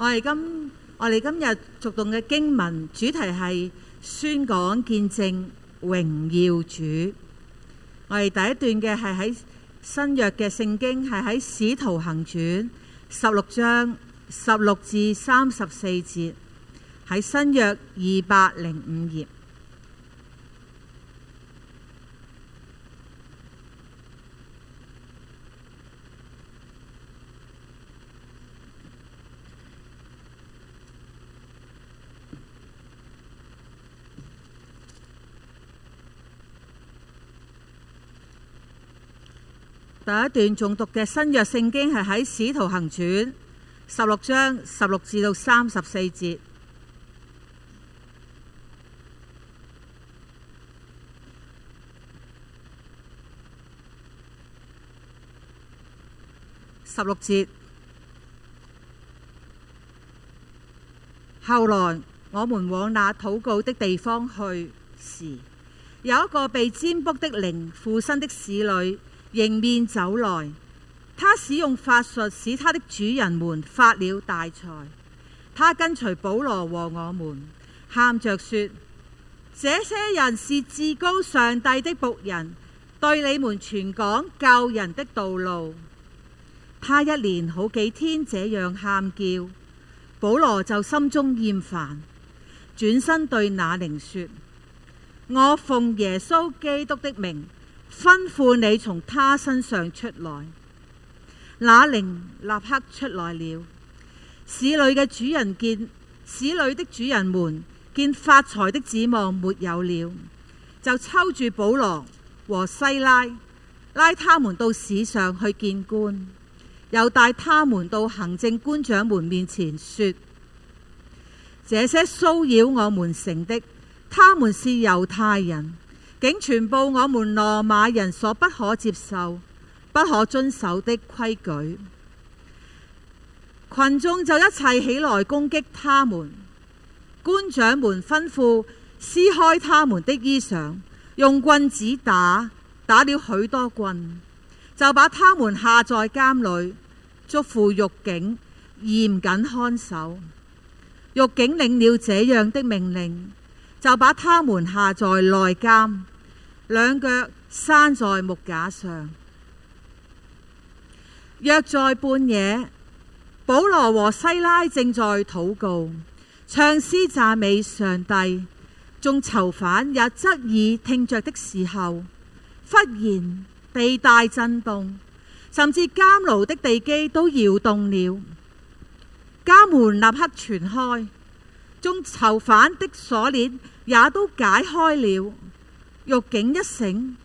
我哋今我哋今日誦讀嘅經文主題係宣講見證榮耀主。我哋第一段嘅係喺新約嘅聖經係喺使徒行傳十六章十六至三十四節，喺新約二百零五頁。有一段誦讀嘅新約聖經係喺《使徒行傳》十六章十六至到三十四節，十六節。後來我們往那禱告的地方去時，有一個被占卜的靈附身的使女。迎面走來，他使用法術使他的主人們發了大財。他跟隨保羅和我們，喊着說：這些人是至高上帝的僕人，對你們傳講救人的道路。他一連好幾天這樣喊叫，保羅就心中厭煩，轉身對那靈說：我奉耶穌基督的名。吩咐你從他身上出來，那靈立刻出來了。市裏嘅主人見，市裏的主人們見發財的指望沒有了，就抽住保羅和西拉，拉他們到市上去見官，又帶他們到行政官長們面前說：這些騷擾我們城的，他們是猶太人。竟全部。我們羅馬人所不可接受、不可遵守的規矩，群眾就一齊起，起來攻擊他們。官長們吩咐撕開他們的衣裳，用棍子打，打了許多棍，就把他們下在監裏，囑咐獄警嚴緊看守。獄警領了這樣的命令。就把他們下在內監，兩腳閂在木架上。約在半夜，保羅和西拉正在禱告、唱詩讚美上帝，眾囚犯也側耳聽着的時候，忽然地大震動，甚至監牢的地基都搖動了，監門立刻全開。中囚犯的鎖鏈也都解開了，獄警一醒，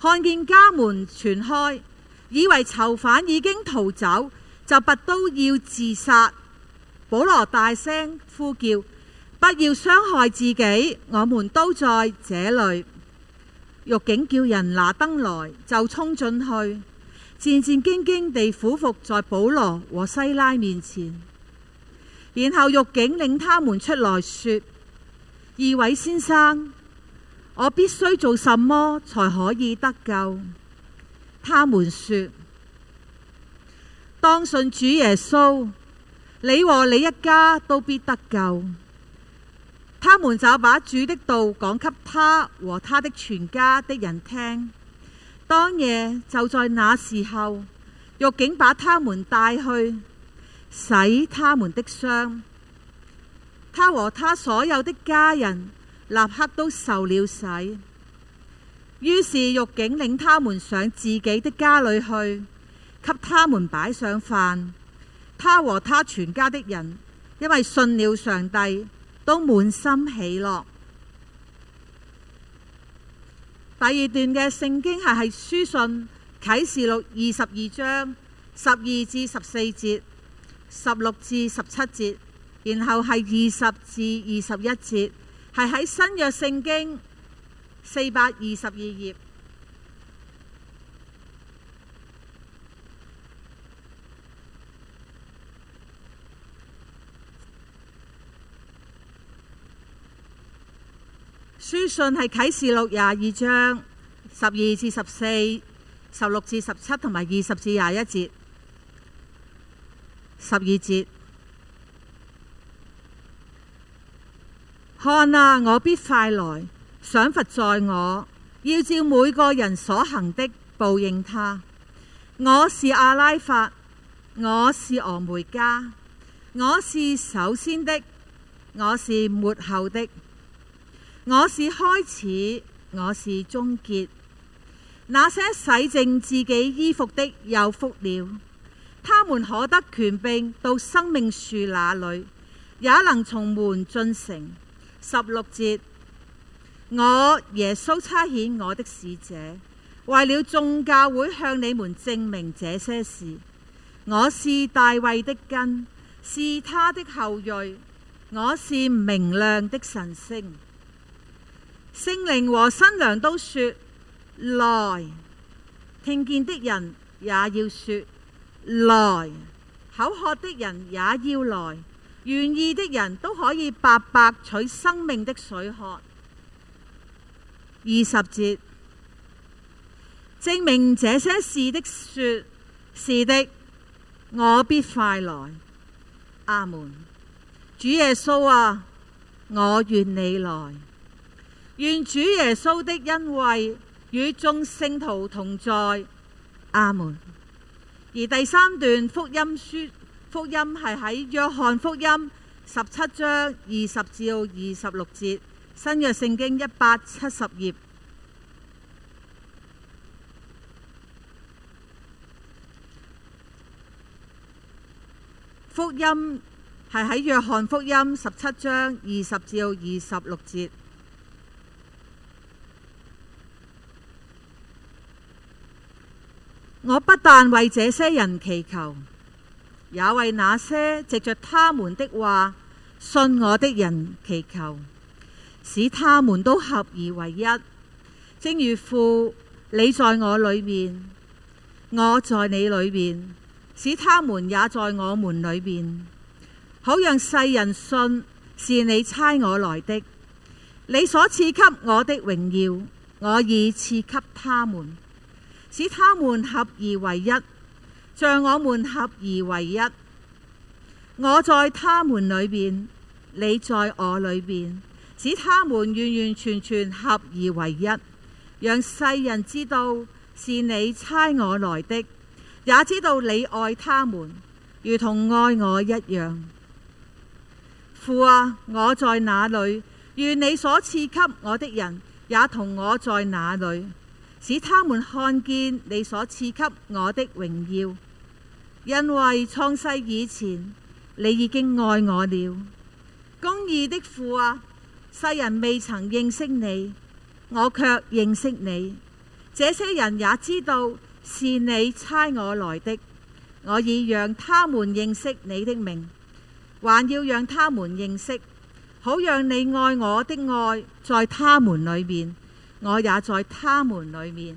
看見家門全開，以為囚犯已經逃走，就拔刀要自殺。保羅大聲呼叫：不要傷害自己，我們都在這裏。獄警叫人拿燈來，就衝進去，戰戰兢兢地俯伏在保羅和西拉面前。然後獄警領他們出來，說：二位先生，我必須做什麼才可以得救？他們說：當信主耶穌，你和你一家都必得救。他們就把主的道講給他和他的全家的人聽。當夜就在那時候，獄警把他們帶去。洗他們的傷，他和他所有的家人立刻都受了洗。於是獄警領他們上自己的家裏去，給他們擺上飯。他和他全家的人因為信了上帝，都滿心喜樂。第二段嘅聖經係係書信啟示錄二十二章十二至十四節。十六至十七節，然後係二十至二十一節，係喺新約聖經四百二十二頁。書信係啟示錄廿二章十二至十四、十六至十七同埋二十至廿一節。十二節，看啊！我必快來，賞罰在我，要照每個人所行的報應他。我是阿拉法，我是俄梅嘉，我是首先的，我是末後的，我是開始，我是終結。那些洗淨自己衣服的，有福了。他們可得權柄到生命樹那裏，也能從門進城。十六節，我耶穌差遣我的使者，為了眾教會向你們證明這些事。我是大衛的根，是他的後裔。我是明亮的晨星，聖靈和新娘都說來，聽見的人也要說。來，口渴的人也要來，願意的人都可以白白取生命的水喝。二十節，證明這些事的說，是的，我必快來。阿門。主耶穌啊，我願你來，願主耶穌的恩惠與眾聖徒同在。阿門。而第三段福音書，福音係喺約翰福音十七章二十至二十六節，新約聖經一百七十頁。福音係喺約翰福音十七章二十至二十六節。我不但為這些人祈求，也為那些藉着他們的話信我的人祈求，使他們都合而為一。正如父你在我裏面，我在你裏面，使他們也在我們裏面。好讓世人信是你差我來的。你所賜給我的榮耀，我已賜給他們。使他們合而為一，像我們合而為一。我在他們裏邊，你在我裏邊，使他們完完全全合而為一。讓世人知道是你差我來的，也知道你愛他們，如同愛我一樣。父啊，我在哪裏，願你所賜給我的人也同我在哪裏。使他們看見你所賜給我的榮耀，因為創世以前，你已經愛我了。公義的父啊，世人未曾認識你，我卻認識你。這些人也知道是你差我來的，我已讓他們認識你的名，還要讓他們認識，好讓你愛我的愛在他們裏面。我也在他們裏面，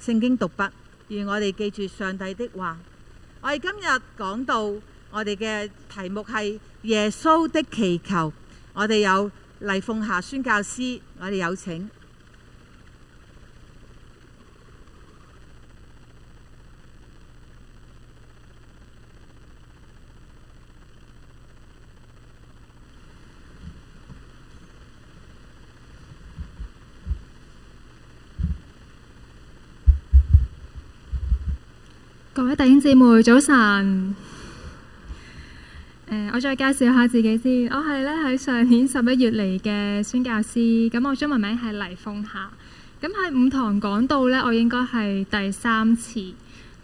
聖經讀畢，願我哋記住上帝的話。我哋今日講到我哋嘅題目係耶穌的祈求，我哋有黎鳳霞宣教師，我哋有請。各位弟兄姊妹，早晨。呃、我再介紹下自己先。我係咧喺上年十一月嚟嘅宣教師，咁我中文名係黎鳳霞。咁喺五堂講到呢，我應該係第三次。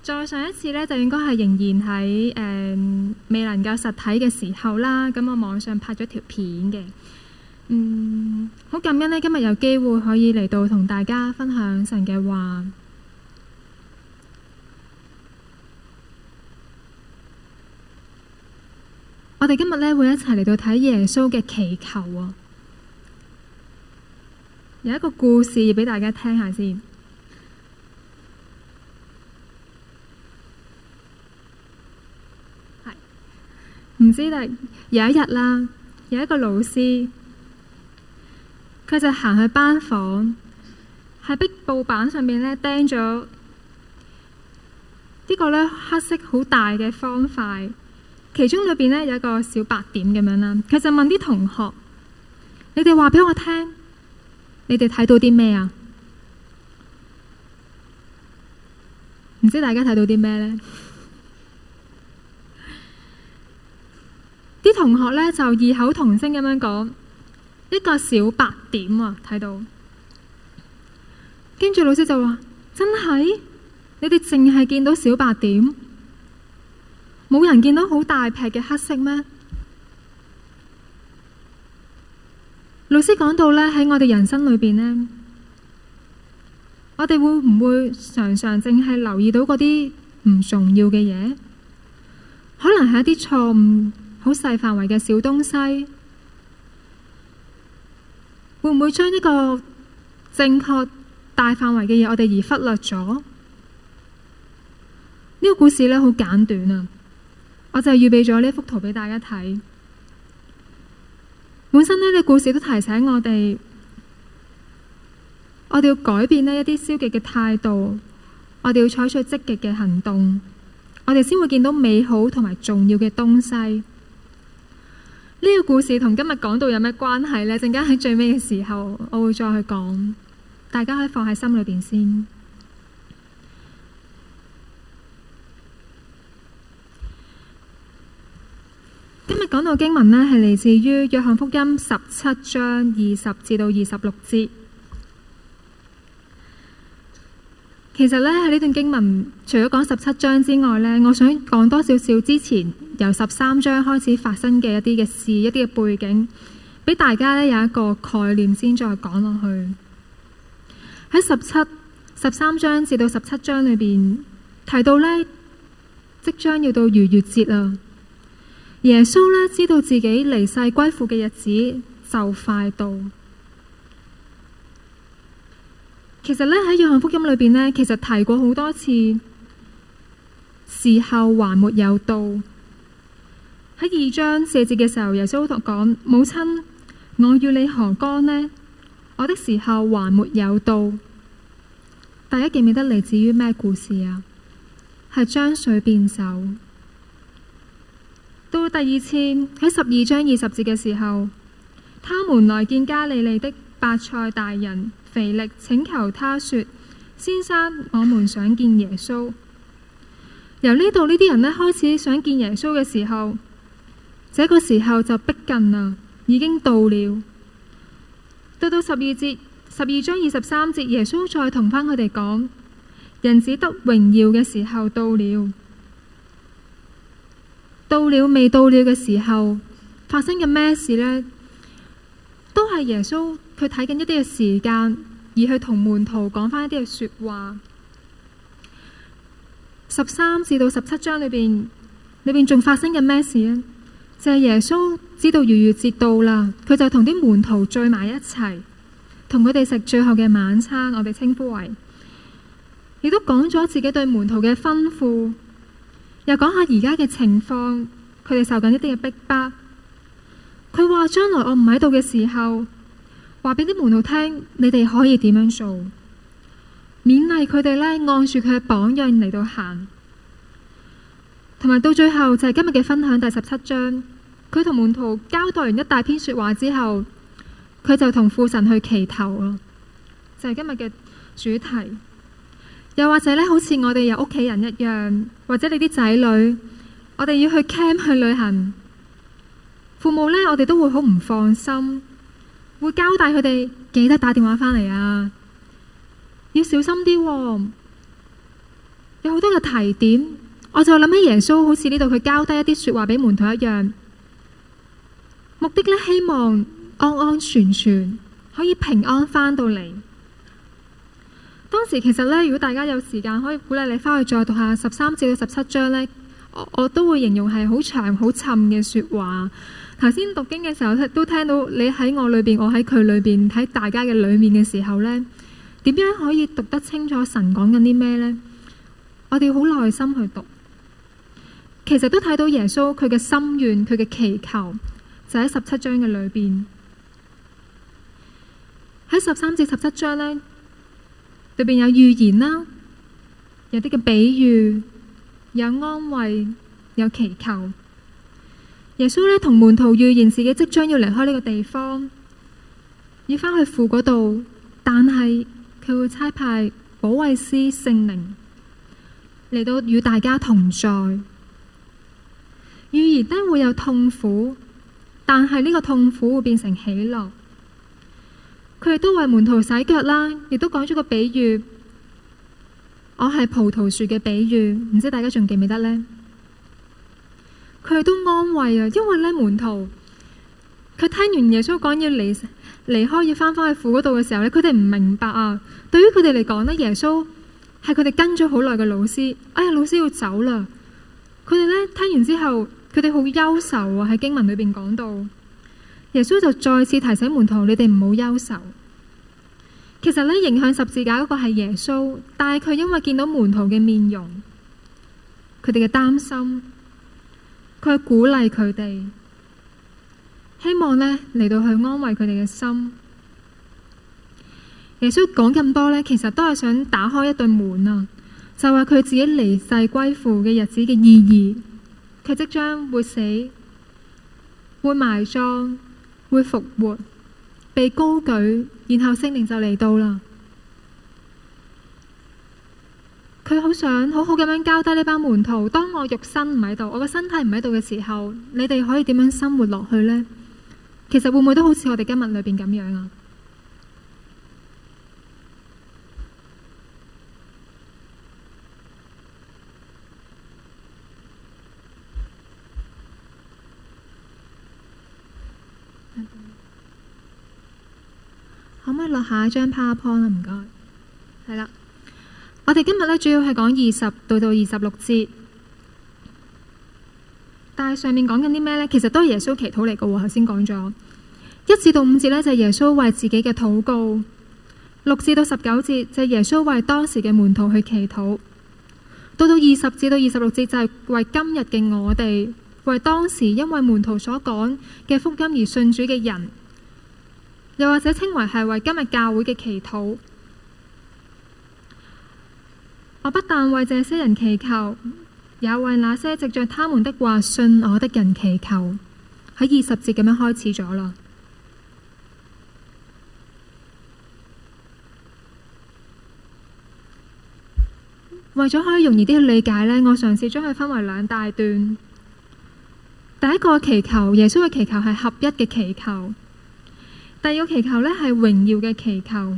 再上一次呢，就應該係仍然喺、呃、未能夠實體嘅時候啦。咁我網上拍咗條片嘅。嗯，好感恩呢，今日有機會可以嚟到同大家分享神嘅話。我哋今日咧會一齊嚟到睇耶穌嘅祈求啊、哦！有一個故事俾大家聽下先，係唔知咧有一日啦，有一個老師，佢就行去班房，喺壁布板上面咧釘咗呢個咧黑色好大嘅方塊。其中裏邊呢，有一個小白點咁樣啦，佢就問啲同學：「你哋話俾我聽，你哋睇到啲咩啊？唔知大家睇到啲咩呢？」啲 同學呢，就異口同聲咁樣講：「一個小白點啊。」睇到。跟住老師就話：「真係？你哋淨係見到小白點？」冇人見到好大撇嘅黑色咩？老師講到呢，喺我哋人生裏邊呢，我哋會唔會常常淨係留意到嗰啲唔重要嘅嘢？可能係一啲錯誤，好細範圍嘅小東西，會唔會將呢個正確大範圍嘅嘢，我哋而忽略咗？呢、呢個故事呢，好簡短啊！我就預備咗呢幅圖俾大家睇。本身呢呢個故事都提醒我哋，我哋要改變呢一啲消極嘅態度，我哋要採取積極嘅行動，我哋先會見到美好同埋重要嘅東西。呢個故事同今日講道有咩關係呢？陣間喺最尾嘅時候我會再去講，大家可以放喺心裏邊先。講到經文呢，係嚟自於《約翰福音》十七章二十至到二十六節。其實呢，喺呢段經文，除咗講十七章之外呢，我想講多少少之前由十三章開始發生嘅一啲嘅事，一啲嘅背景，俾大家呢有一個概念，先再講落去。喺十七、十三章至到十七章裏邊提到呢，即將要到逾越節啦。耶穌呢知道自己離世歸父嘅日子就快到，其實呢，喺約翰福音裏邊呢，其實提過好多次，時候還沒有到。喺二章四節嘅時候，耶穌同講：母親，我與你何干呢？我的時候還沒有到。大家記唔記得嚟自於咩故事啊？係將水變酒。到第二次，喺十二章二十節嘅時候，他們來見加利利的伯賽大人腓力，請求他說：先生，我們想見耶穌。由呢度呢啲人呢，開始想見耶穌嘅時候，這個時候就逼近啦，已經到了。到到十二節、十二章二十三節，耶穌再同返佢哋講：人子得榮耀嘅時候到了。到了未到了嘅時候，發生嘅咩事呢？都係耶穌佢睇緊一啲嘅時間，而去同門徒講翻一啲嘅說話。十三至到十七章裏邊，裏邊仲發生緊咩事呢？就係、是、耶穌知道逾越節到啦，佢就同啲門徒聚埋一齊，同佢哋食最後嘅晚餐，我哋稱呼為，亦都講咗自己對門徒嘅吩咐。又講下而家嘅情況，佢哋受緊一啲嘅逼迫。佢話將來我唔喺度嘅時候，話俾啲門徒聽，你哋可以點樣做，勉勵佢哋呢，按住佢嘅榜樣嚟到行。同埋到最後就係今日嘅分享第十七章，佢同門徒交代完一大篇說話之後，佢就同父神去祈求咯。就係今日嘅主題。又或者呢，好似我哋有屋企人一樣，或者你啲仔女，我哋要去 camp 去旅行，父母呢，我哋都會好唔放心，會交代佢哋記得打電話返嚟啊，要小心啲，哦。有好多嘅提點，我就諗起耶穌好似呢度佢交低一啲說話俾門徒一樣，目的呢，希望安安全全可以平安返到嚟。當時其實呢，如果大家有時間，可以鼓勵你翻去再讀下十三至到十七章呢，我，我都會形容係好長、好沉嘅説話。頭先讀經嘅時候，都聽到你喺我裏邊，我喺佢裏邊，喺大家嘅裏面嘅時候呢，點樣可以讀得清楚神講緊啲咩呢？我哋要好耐心去讀，其實都睇到耶穌佢嘅心願、佢嘅祈求，就喺十七章嘅裏邊。喺十三至十七章呢。裏邊有預言啦，有啲嘅比喻，有安慰，有祈求。耶穌呢，同門徒預言自己即將要離開呢個地方，要返去父嗰度，但係佢會差派保惠師聖靈嚟到與大家同在。預言呢會有痛苦，但係呢個痛苦會變成喜樂。佢哋都為門徒洗腳啦，亦都講咗個比喻。我係葡萄樹嘅比喻，唔知大家仲記唔記得呢？佢哋都安慰啊，因為呢門徒，佢聽完耶穌講要離離開要翻返去父嗰度嘅時候呢，佢哋唔明白啊。對於佢哋嚟講呢，耶穌係佢哋跟咗好耐嘅老師，哎呀，老師要走啦。佢哋呢聽完之後，佢哋好憂愁啊。喺經文裏邊講到。耶穌就再次提醒門徒，你哋唔好憂愁。其實呢，迎向十字架嗰個係耶穌，但係佢因為見到門徒嘅面容，佢哋嘅擔心，佢鼓勵佢哋，希望呢，嚟到去安慰佢哋嘅心。耶穌講咁多呢，其實都係想打開一對門啊，就話佢自己離世歸父嘅日子嘅意義，佢即將會死，會埋葬。會復活，被高舉，然後聖靈就嚟到啦。佢好想好好咁樣交低呢班門徒。當我肉身唔喺度，我嘅身體唔喺度嘅時候，你哋可以點樣生活落去呢？其實會唔會都好似我哋今日裏邊咁樣啊？可唔可以落下一張 PowerPoint 啊？唔該，係啦。我哋今日呢，主要係講二十到到二十六節，但係上面講緊啲咩呢？其實都係耶穌祈禱嚟嘅。頭先講咗一至到五節呢，就係耶穌為自己嘅禱告；六至到十九節，就係耶穌為當時嘅門徒去祈禱；到到二十至到二十六節，就係為今日嘅我哋，為當時因為門徒所講嘅福音而信主嘅人。又或者稱為係為今日教會嘅祈禱，我不但為這些人祈求，也為那些藉着他們的話信我的人祈求。喺二十節咁樣開始咗啦。為咗可以容易啲去理解呢，我嘗試將佢分為兩大段。第一個祈求，耶穌嘅祈求係合一嘅祈求。第二個祈求呢係榮耀嘅祈求，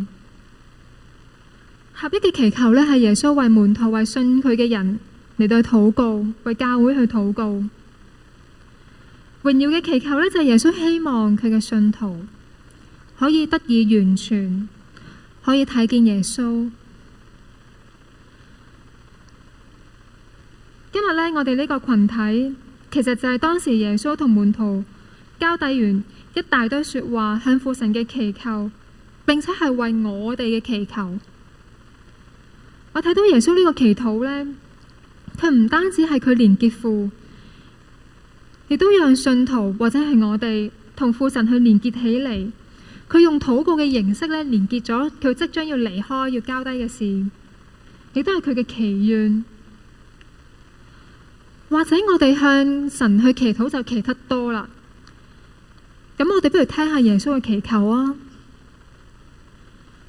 合一嘅祈求呢係耶穌為門徒、為信佢嘅人嚟到禱告，為教會去禱告。榮耀嘅祈求呢就係、是、耶穌希望佢嘅信徒可以得以完全，可以睇見耶穌。今日呢，我哋呢個群體其實就係當時耶穌同門徒交底完。一大堆說話向父神嘅祈求，並且係為我哋嘅祈求。我睇到耶穌呢個祈禱呢，佢唔單止係佢連結父，亦都讓信徒或者係我哋同父神去連結起嚟。佢用禱告嘅形式咧，連結咗佢即將要離開要交低嘅事，亦都係佢嘅祈願。或者我哋向神去祈禱就祈得多啦。咁我哋不如聽下耶穌嘅祈求啊！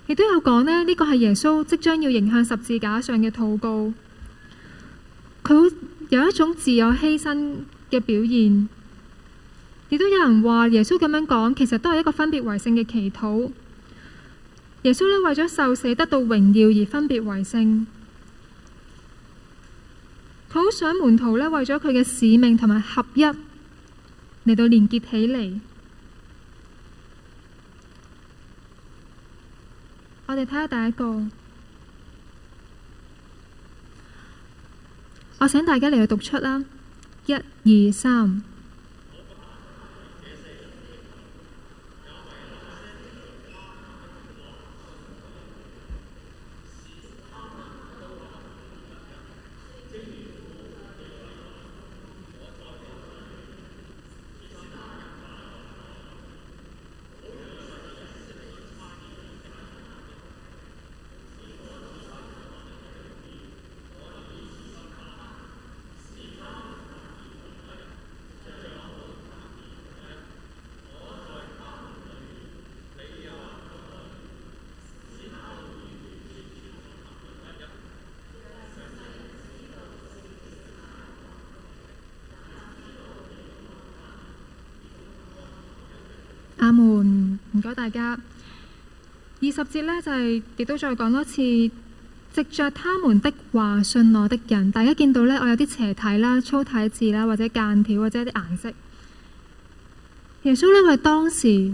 亦都有講呢，呢個係耶穌即將要迎向十字架上嘅禱告。佢好有一種自由犧牲嘅表現。亦都有人話耶穌咁樣講，其實都係一個分別為聖嘅祈禱。耶穌呢，為咗受死得到榮耀而分別為聖。佢好想門徒呢，為咗佢嘅使命同埋合一嚟到連結起嚟。我哋睇下第一個，我請大家嚟去讀出啦，一、二、三。他們唔該，謝謝大家。二十節呢，就係、是、亦都再講多次，藉着他們的話信我的人，大家見到呢，我有啲斜體啦、粗體字啦，或者間條或者啲顏色。耶穌呢，為當時，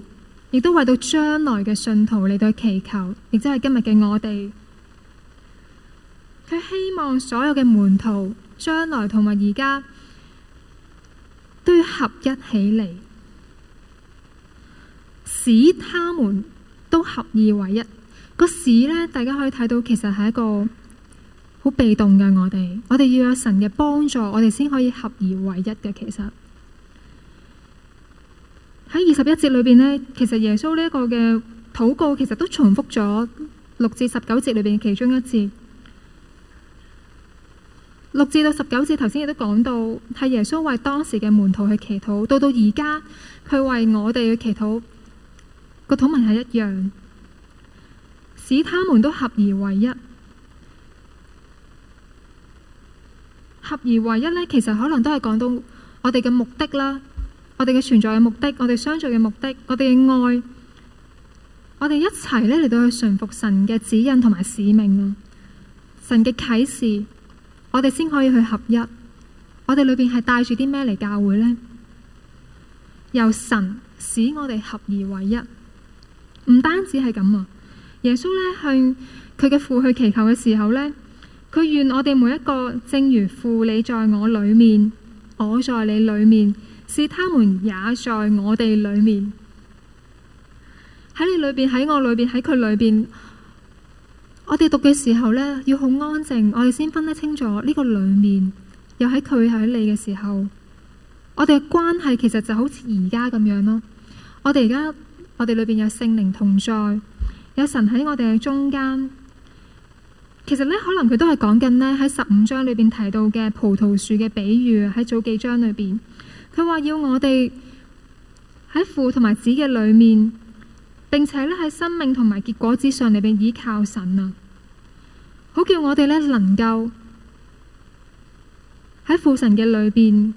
亦都為到將來嘅信徒嚟到祈求，亦即係今日嘅我哋，佢希望所有嘅門徒將來同埋而家都要合一起嚟。使他們都合而為一。那個使呢，大家可以睇到，其實係一個好被動嘅我哋。我哋要有神嘅幫助，我哋先可以合而為一嘅。其實喺二十一節裏邊呢，其實耶穌呢一個嘅禱告，其實都重複咗六至十九節裏邊其中一節。六至到十九節，頭先亦都講到係耶穌為當時嘅門徒去祈禱，到到而家佢為我哋去祈禱。個土文係一樣，使他們都合而為一。合而為一呢，其實可能都係講到我哋嘅目的啦，我哋嘅存在嘅目的，我哋相聚嘅目的，我哋嘅愛，我哋一齊呢，嚟到去順服神嘅指引同埋使命啊！神嘅啟示，我哋先可以去合一。我哋裏邊係帶住啲咩嚟教會呢？由神使我哋合而為一。唔單止係咁啊，耶穌咧向佢嘅父去祈求嘅時候呢，佢願我哋每一個，正如父你在我裏面，我在你裏面，使他們也在我哋裏面。喺你裏邊，喺我裏邊，喺佢裏邊。我哋讀嘅時候呢，要好安靜，我哋先分得清楚呢個裏面，又喺佢喺你嘅時候，我哋嘅關係其實就好似而家咁樣咯。我哋而家。我哋裏邊有聖靈同在，有神喺我哋嘅中間。其實呢，可能佢都係講緊呢，喺十五章裏邊提到嘅葡萄樹嘅比喻，喺早幾章裏邊，佢話要我哋喺父同埋子嘅裏面，並且呢喺生命同埋結果之上裏邊依靠神啊，好叫我哋呢能夠喺父神嘅裏邊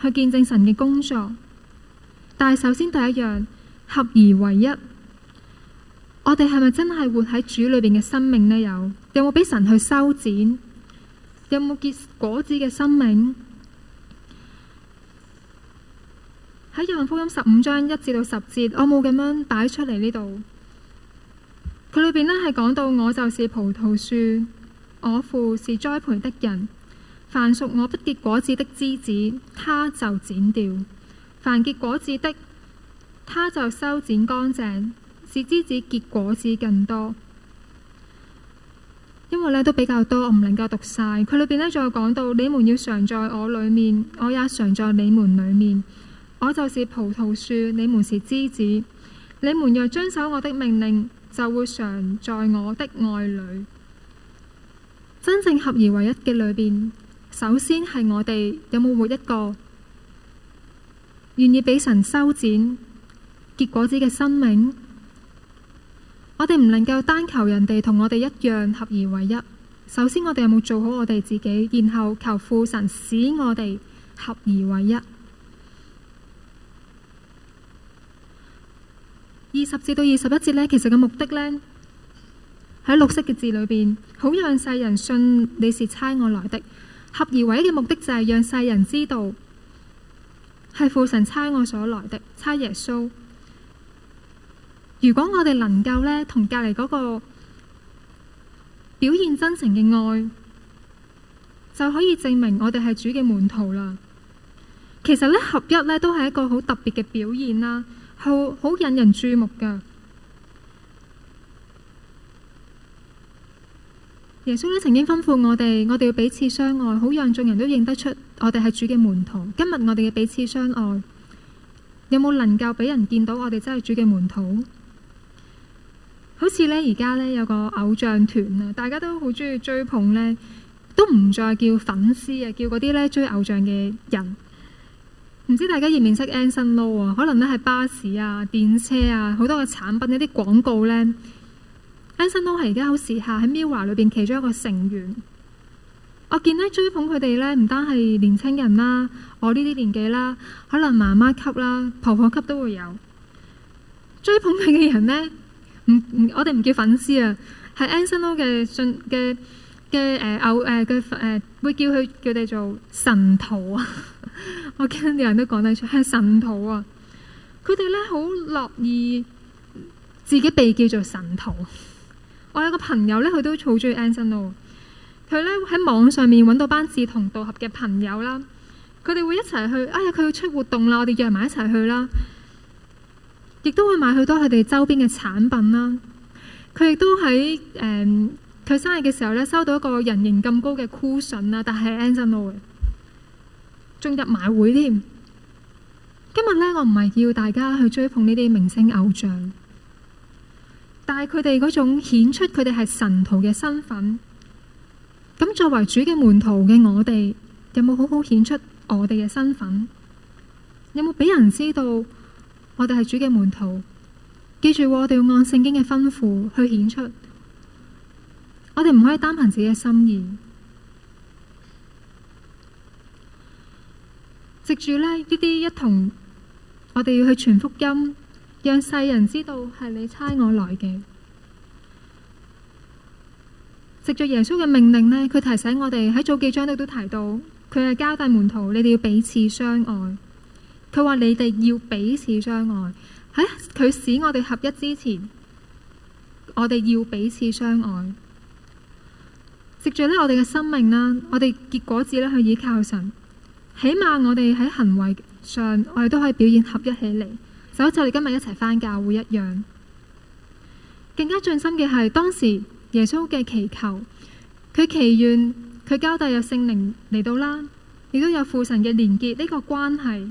去見證神嘅工作。但係首先第一樣。合而為一，我哋係咪真係活喺主裏邊嘅生命呢？有有冇俾神去修剪？有冇結果子嘅生命？喺約翰福音十五章一至到十節，我冇咁樣擺出嚟呢度。佢裏邊呢係講到，我就是葡萄樹，我父是栽培的人，凡屬我不結果子的枝子，他就剪掉；凡結果子的，他就修剪乾淨，使枝子結果子更多。因為呢都比較多，我唔能夠讀晒佢裏邊呢。仲有講到，你們要常在我裏面，我也常在你們裏面。我就是葡萄樹，你們是枝子。你們若遵守我的命令，就會常在我的愛裏。真正合而為一嘅裏邊，首先係我哋有冇活一個願意俾神修剪。結果子嘅生命，我哋唔能夠單求人哋同我哋一樣合而為一。首先，我哋有冇做好我哋自己？然後求父神使我哋合而為一。二十節到二十一節呢，其實嘅目的呢，喺綠色嘅字裏邊，好讓世人信你是差我來的，合而為一嘅目的就係讓世人知道係父神差我所來的，差耶穌。如果我哋能夠咧，同隔籬嗰個表現真誠嘅愛，就可以證明我哋係主嘅門徒啦。其實呢，合一咧都係一個好特別嘅表現啦，好好引人注目噶。耶穌咧曾經吩咐我哋，我哋要彼此相愛，好讓眾人都認得出我哋係主嘅門徒。今日我哋嘅彼此相愛，有冇能夠俾人見到我哋真係主嘅門徒？好似呢，而家呢，有個偶像團啦，大家都好中意追捧呢，都唔再叫粉絲啊，叫嗰啲咧追偶像嘅人。唔知大家認唔認識 Anson Lo 啊？可能呢係巴士啊、電車啊，好多嘅產品一啲廣告呢。Anson Lo 係而家好時下喺 MIRROR 裏邊其中一個成員。我見呢，追捧佢哋呢，唔單係年青人啦，我呢啲年紀啦，可能媽媽級啦、婆婆級都會有追捧佢嘅人呢。唔唔，我哋唔叫粉絲啊，係 Anson Lo 嘅信嘅嘅誒偶誒嘅誒，會叫佢叫佢做神徒啊！ 我見啲人都講得出係神徒啊！佢哋咧好樂意自己被叫做神徒。我有個朋友咧，佢都好中意 Anson Lo 佢咧喺網上面揾到班志同道合嘅朋友啦，佢哋會一齊去，哎呀佢要出活動啦，我哋約埋一齊去啦。亦都會買好多佢哋周邊嘅產品啦。佢亦都喺佢生日嘅時候咧，收到一個人形咁高嘅 cushion 啊，但係 original 嘅仲入埋會添。今日呢，我唔係要大家去追捧呢啲明星偶像，但係佢哋嗰種顯出佢哋係神徒嘅身份。咁作為主嘅門徒嘅我哋，有冇好好顯出我哋嘅身份？有冇俾人知道？我哋係主嘅門徒，記住我哋要按聖經嘅吩咐去顯出，我哋唔可以單憑自己嘅心意。藉住咧呢啲一同，我哋要去傳福音，讓世人知道係你差我來嘅。藉住耶穌嘅命令咧，佢提醒我哋喺早幾章度都提到，佢係交代門徒，你哋要彼此相愛。佢話：你哋要彼此相愛喺佢、啊、使我哋合一之前，我哋要彼此相愛，藉住呢，我哋嘅生命啦，我哋結果子咧去依靠神。起碼我哋喺行為上，我哋都可以表現合一起嚟。就好似我哋今日一齊返教會一樣，更加盡心嘅係當時耶穌嘅祈求，佢祈願佢交代有聖靈嚟到啦，亦都有父神嘅連結呢、這個關係。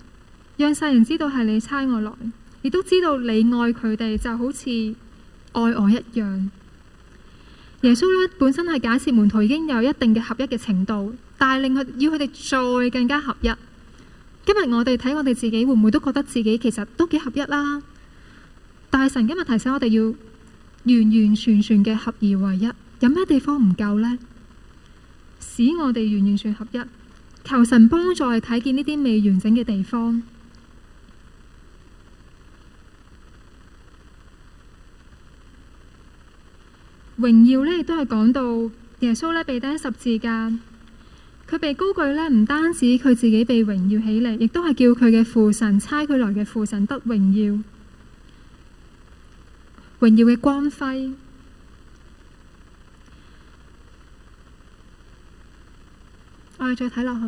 讓世人知道係你差我來，亦都知道你愛佢哋就好似愛我一樣。耶穌呢本身係假設門徒已經有一定嘅合一嘅程度，但係令佢要佢哋再更加合一。今日我哋睇我哋自己，會唔會都覺得自己其實都幾合一啦，啊？但係神今日提醒我哋要完完全全嘅合而為一，有咩地方唔夠呢？使我哋完完全合一，求神幫助睇見呢啲未完整嘅地方。榮耀呢亦都係講到耶穌呢被釘十字架，佢被高舉呢唔單止佢自己被榮耀起嚟，亦都係叫佢嘅父神差佢來嘅父神得榮耀，榮耀嘅光輝。我哋再睇落去，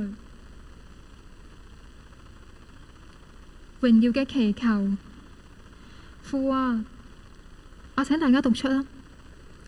榮耀嘅祈求，父啊，我請大家讀出啊。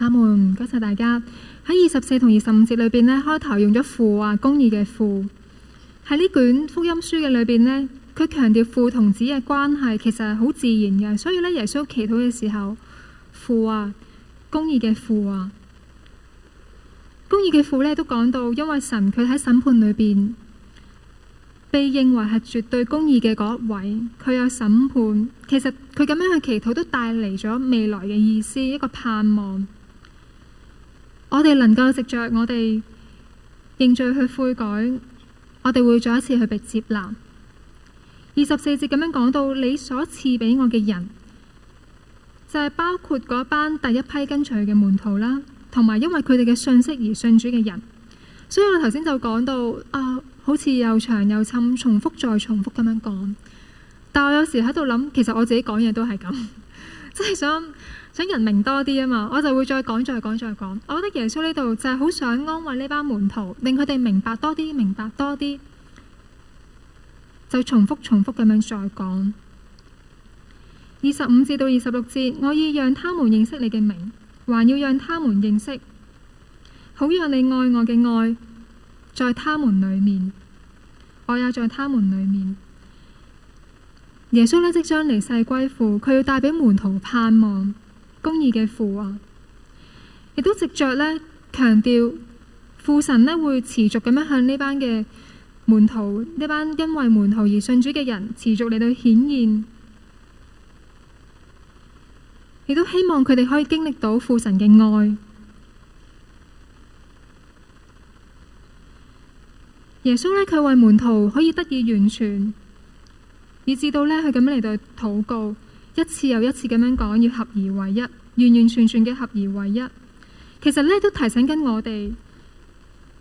阿們，唔該晒大家。喺二十四同二十五節裏邊呢，開頭用咗父啊，公義嘅父。喺呢卷福音書嘅裏邊呢，佢強調父同子嘅關係，其實係好自然嘅。所以呢，耶穌祈禱嘅時候，父啊，公義嘅父啊，公義嘅父呢，都講到，因為神佢喺審判裏邊被認為係絕對公義嘅嗰一位，佢有審判。其實佢咁樣去祈禱，都帶嚟咗未來嘅意思，一個盼望。我哋能夠藉着我哋認罪去悔改，我哋會再一次去被接納。二十四節咁樣講到你所賜俾我嘅人，就係、是、包括嗰班第一批跟隨嘅門徒啦，同埋因為佢哋嘅信息而信主嘅人。所以我頭先就講到啊、哦，好似又長又沉，重複再重複咁樣講。但我有時喺度諗，其實我自己講嘢都係咁，真係想。想人明多啲啊嘛，我就會再講，再講，再講。我覺得耶穌呢度就係、是、好想安慰呢班門徒，令佢哋明白多啲，明白多啲，就重複重複咁樣再講。二十五至到二十六節，我要讓他們認識你嘅名，還要讓他們認識，好讓你愛我嘅愛在他們裏面，我也在他們裏面。耶穌呢，即將離世歸父，佢要帶俾門徒盼望。公義嘅父啊，亦都直着呢強調父神呢會持續咁樣向呢班嘅門徒，呢班因為門徒而信主嘅人持續嚟到顯現，亦都希望佢哋可以經歷到父神嘅愛。耶穌呢，佢為門徒可以得以完全，以至到呢，佢咁樣嚟到禱告。一次又一次咁樣講，要合而為一，完完全全嘅合而為一。其實呢都提醒緊我哋，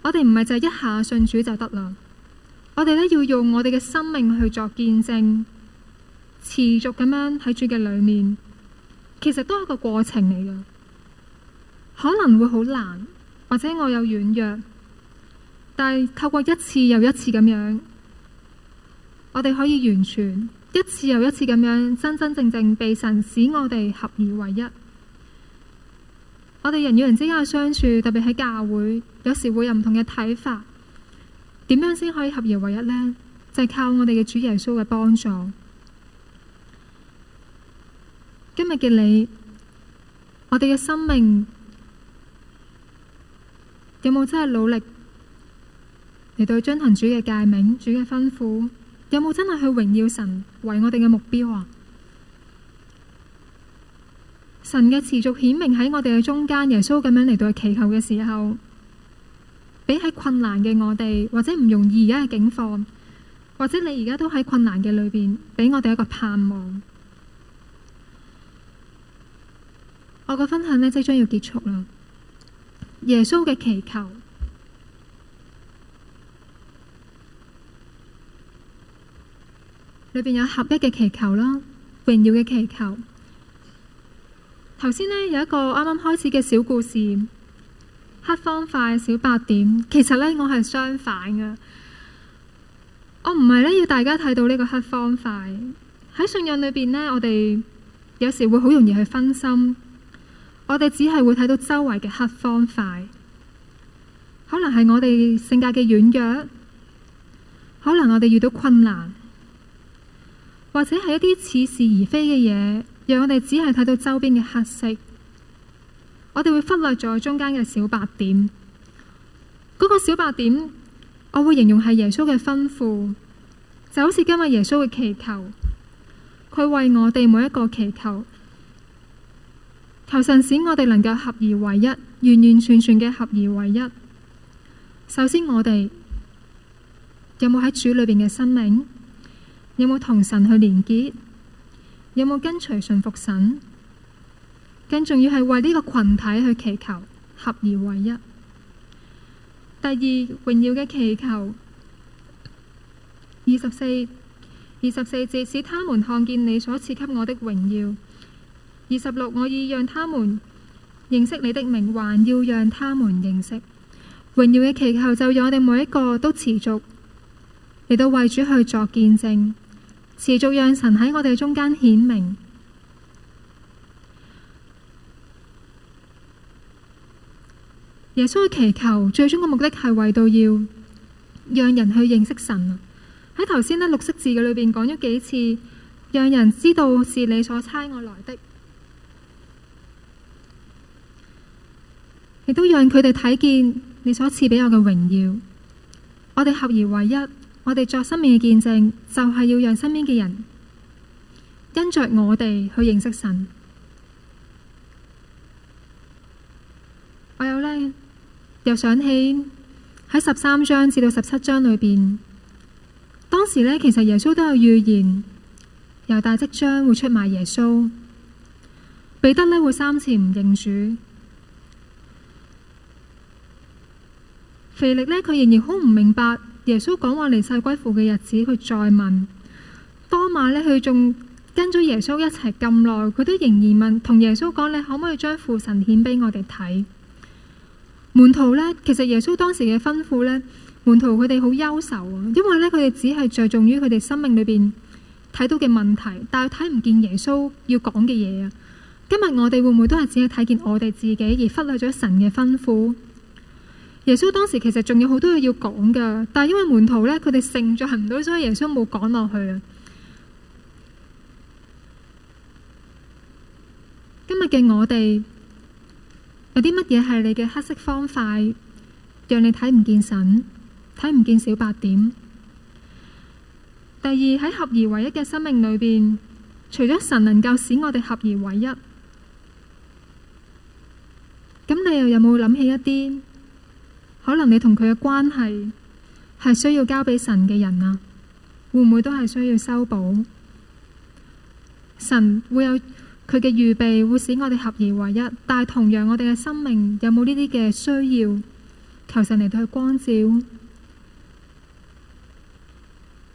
我哋唔係就係一下信主就得啦。我哋呢要用我哋嘅生命去作見證，持續咁樣喺主嘅裏面，其實都係一個過程嚟嘅，可能會好難，或者我有軟弱，但係透過一次又一次咁樣，我哋可以完全。一次又一次咁樣，真真正正被神使我哋合而為一。我哋人與人之間嘅相處，特別喺教會，有時會有唔同嘅睇法。點樣先可以合而為一呢？就係、是、靠我哋嘅主耶穌嘅幫助。今日嘅你，我哋嘅生命有冇真係努力嚟到遵行主嘅誡命、主嘅吩咐？有冇真係去榮耀神為我哋嘅目標啊？神嘅持續顯明喺我哋嘅中間，耶穌咁樣嚟到祈求嘅時候，俾喺困難嘅我哋或者唔容易而家嘅境況，或者你而家都喺困難嘅裏邊，俾我哋一個盼望。我嘅分享呢，即將要結束啦，耶穌嘅祈求。裏邊有合一嘅祈求啦，榮耀嘅祈求。頭先呢，有一個啱啱開始嘅小故事，黑方塊小白點。其實呢，我係相反㗎，我唔係呢要大家睇到呢個黑方塊。喺信仰裏邊呢，我哋有時會好容易去分心，我哋只係會睇到周圍嘅黑方塊。可能係我哋性格嘅軟弱，可能我哋遇到困難。或者係一啲似是而非嘅嘢，讓我哋只係睇到周邊嘅黑色，我哋會忽略咗中間嘅小白點。嗰、那個小白點，我會形容係耶穌嘅吩咐，就好似今日耶穌嘅祈求，佢為我哋每一個祈求，求神使我哋能夠合而為一，完完全全嘅合而為一。首先我，我哋有冇喺主裏邊嘅生命？有冇同神去連結？有冇跟隨順服神？更重要係為呢個群體去祈求，合而為一。第二，榮耀嘅祈求，二十四二十四節，使他們看見你所賜給我的榮耀。二十六，我已讓他們認識你的名，還要讓他們認識榮耀嘅祈求。就讓我哋每一個都持續嚟到為主去作見證。持續讓神喺我哋中間顯明。耶穌嘅祈求最終嘅目的係為到要讓人去認識神。喺頭先呢綠色字嘅裏邊講咗幾次，讓人知道是你所差我來的，亦都讓佢哋睇見你所賜俾我嘅榮耀。我哋合而為一。我哋作身邊嘅見證，就係要讓身邊嘅人因着我哋去認識神。我有呢，又想起喺十三章至到十七章裏邊，當時呢，其實耶穌都有預言，猶大即將會出賣耶穌，彼得呢，會三次唔認主，腓力呢，佢仍然好唔明白。耶穌講話離世歸父嘅日子，佢再問多馬呢？佢仲跟咗耶穌一齊咁耐，佢都仍然問，同耶穌講，你可唔可以將父神顯俾我哋睇？門徒呢？其實耶穌當時嘅吩咐呢，門徒佢哋好憂愁啊，因為呢，佢哋只係着重於佢哋生命裏邊睇到嘅問題，但係睇唔見耶穌要講嘅嘢啊。今日我哋會唔會都係只係睇見我哋自己，而忽略咗神嘅吩咐？耶穌當時其實仲有好多嘢要講噶，但係因為門徒呢，佢哋承受唔到，所以耶穌冇講落去啊。今日嘅我哋有啲乜嘢係你嘅黑色方塊，讓你睇唔見神，睇唔見小白點？第二，喺合而為一嘅生命裏邊，除咗神能夠使我哋合而為一，咁你又有冇諗起一啲？可能你同佢嘅關係係需要交俾神嘅人啊，會唔會都係需要修補？神會有佢嘅預備，會使我哋合而為一。但係同樣，我哋嘅生命有冇呢啲嘅需要？求神嚟到去光照。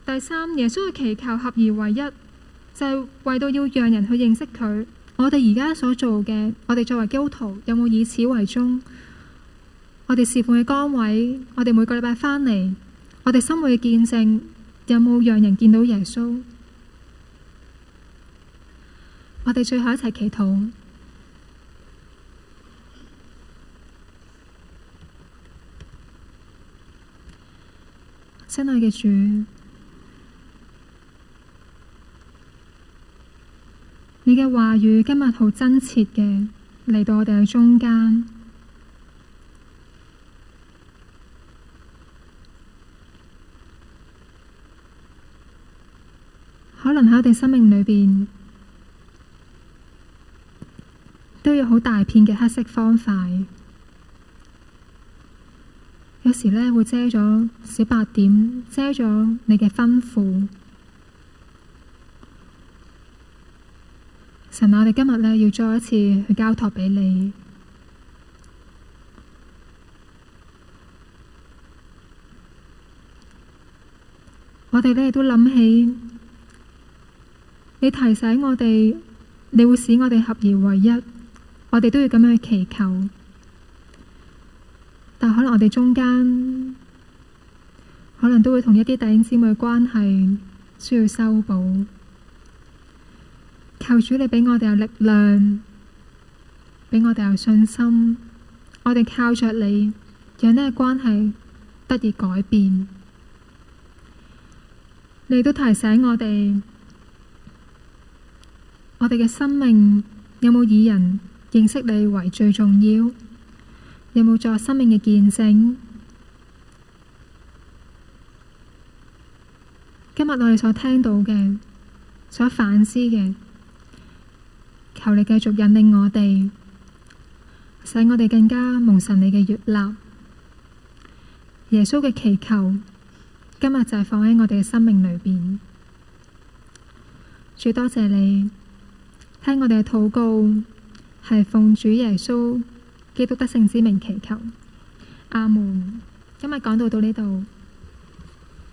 第三，耶穌嘅祈求合而為一，就係、是、為到要讓人去認識佢。我哋而家所做嘅，我哋作為基督徒，有冇以此為終？我哋侍奉嘅崗位，我哋每個禮拜返嚟，我哋生活嘅見證，有冇讓人見到耶穌？我哋最後一齊祈禱，親愛嘅主，你嘅話語今日好真切嘅嚟到我哋嘅中間。可能喺我哋生命裏邊，都有好大片嘅黑色方塊，有時呢會遮咗小白點，遮咗你嘅吩咐。神啊，我哋今日呢要再一次去交託俾你，我哋呢都諗起。你提醒我哋，你會使我哋合而為一，我哋都要咁樣去祈求。但可能我哋中間，可能都會同一啲弟兄姊妹關係需要修補。求主，你畀我哋有力量，畀我哋有信心，我哋靠着你，讓呢個關係得以改變。你都提醒我哋。我哋嘅生命有冇以人認識你為最重要？有冇作生命嘅見證？今日我哋所聽到嘅、所反思嘅，求你繼續引領我哋，使我哋更加蒙神你嘅悅納。耶穌嘅祈求，今日就係放喺我哋嘅生命裏邊。主，多謝你。聽我哋嘅禱告，係奉主耶穌基督得勝之名祈求，阿門。今日講到到呢度。